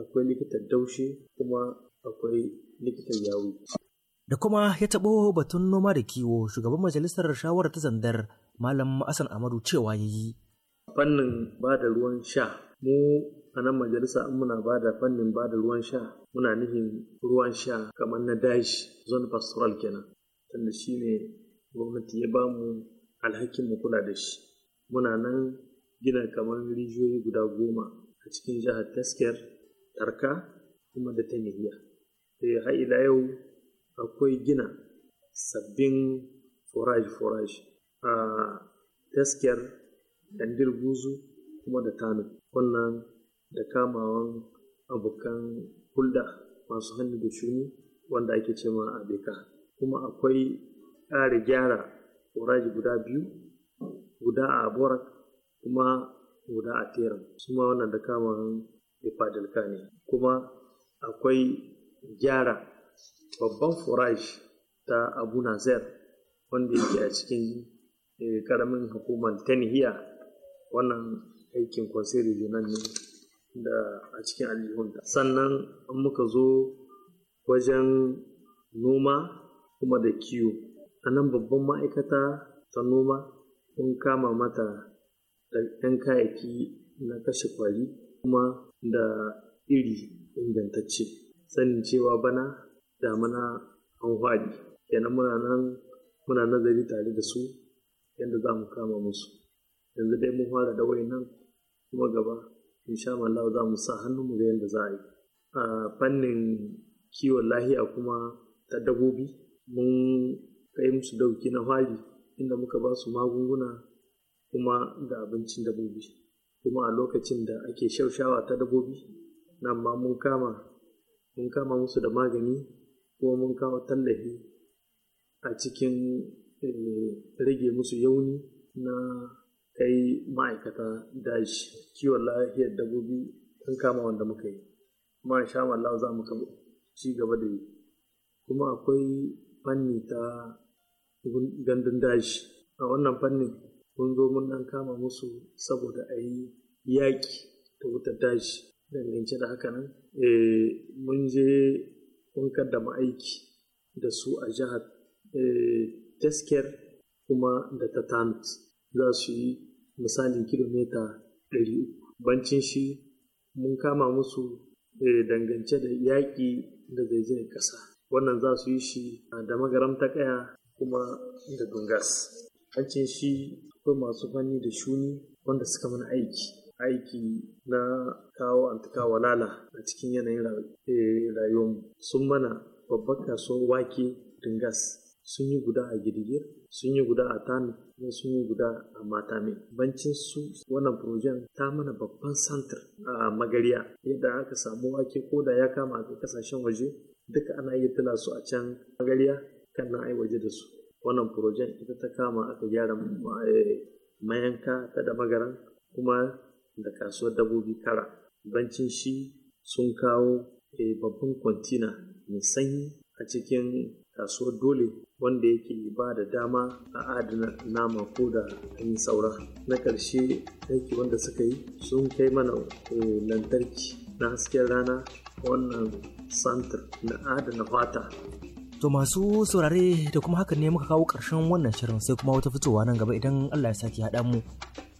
akwai likitan daushe kuma akwai likitan yawu da kuma ya taɓo batun noma da kiwo shugaban majalisar shawarar ta zandar malam asan amadu cewa ya yi fannin ba da ruwan sha mu a nan majalisa muna ba da fannin ba da ruwan sha muna nufin ruwan sha kamar na daish zone pastoral kenan tunda shi ne gwamnati ya bamu alhakin mu kula da shi muna nan gina kamar rijiyoyi guda goma a cikin jihar tasker tarka kuma da ta nihiya eh, har ila yau akwai gina sabbin forage-forage a taskiyar dandir guzu kuma da tanu wannan da kamawan abokan hulda masu hannu da shuni wanda ake ce ma beka kuma akwai ƙara gyara forage guda biyu guda a borak kuma guda a teran su ma wannan da kamawan ifadelka ne kuma akwai gyara babban forage ta abu nazar wanda yake a cikin eh, karamin hukumar tanihiya wannan aikin kwanse nan ne da a cikin aljihunta sannan an muka zo wajen noma kuma da kiwo a nan babban ma'aikata ta noma mun kama mata da 'yan kayayyaki na kashe kwari kuma da iri ingantacce sanin cewa bana damuna an hwari kenan muna nazari tare da su yadda za mu kama musu yanzu dai mun fara da nan kuma gaba sha Allah za mu sa hannu mu ga yadda za a yi a fannin kiwon lahiya kuma ta dabobi mun kai musu dauki na hwari inda muka ba su magunguna kuma da abincin dabobi kuma a lokacin da ake shaushawa ta dabobi nan ma mun kama musu da magani kuma mun kawo tallafi a cikin eh, rage musu yauni na kai ma'aikata daji kiwon lafiyar dabbobi an kama wanda muka yi ma sha Allah za mu ci gaba da yi kuma akwai fanni ta gandun dashi a wannan fannin mun zo mun dan kama musu saboda a yi yaƙi ta wutar daji dangance da haka nan eh, mun je mun da aiki da su a jihar eh, tasker kuma da tatanut za su yi misalin kilomita 300 bancin shi mun kama musu eh, dangance da yaƙi da zaizayar ƙasa wannan za su yi shi da ta ƙaya kuma da dungas bancin shi akwai masu fanni da shuni wanda suka mana aiki aiki na kawo kawo Lala a cikin yanayin eh, rayuwar mu. sun mana babban kasuwar wake dingas, sun yi guda a girgir sun yi guda a tanu kuma sun yi guda a mai bancin su wannan projen ta mana babban santar a magariya yadda aka samu wake ko da ya kama a kasashen waje duka ana yi tala su a can magariya kan na ai waje da su wannan projen ita ta kama aka gyara eh, mayanka ta da magaran kuma da kasuwar dabbobi tara bancin shi sun kawo e, babban kwantina mai sanyi a cikin kasuwar dole wanda yake ba da dama a adana nama ko da yin saura na ƙarshe aiki wanda suka yi sun kai mana eh, lantarki na hasken rana wannan santar na adana fata To masu saurare da kuma hakan ne muka kawo ƙarshen wannan shirin sai kuma wata fitowa nan gaba idan Allah ya sake haɗa mu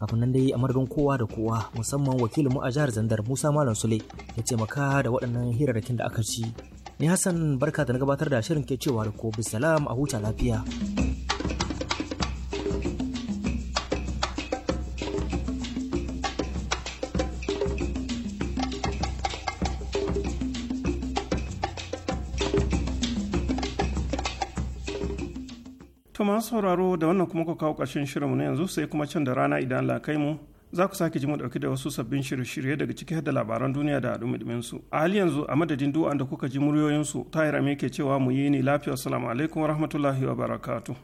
abu nan dai a madadin kowa da kowa musamman wakilin mu a jihar zandar musa malam sule ya taimaka da waɗannan hirarrakin da aka ci ni hassan barka da na gabatar da shirin ke cewa da ko bisalam a huta lafiya. To masu sauraro da wannan kuma ka kawo ƙarshen shirinmu na yanzu sai kuma can da rana idan Allah kai mu za ku sake ji mu ɗauki da wasu sabbin shirye-shirye daga ciki da labaran duniya da dumi su. A hali yanzu a madadin du'an da kuka ji muryoyinsu tahir ke cewa mu yi ni lafiya salamu alaikum wa rahmatullahi wa barakatu.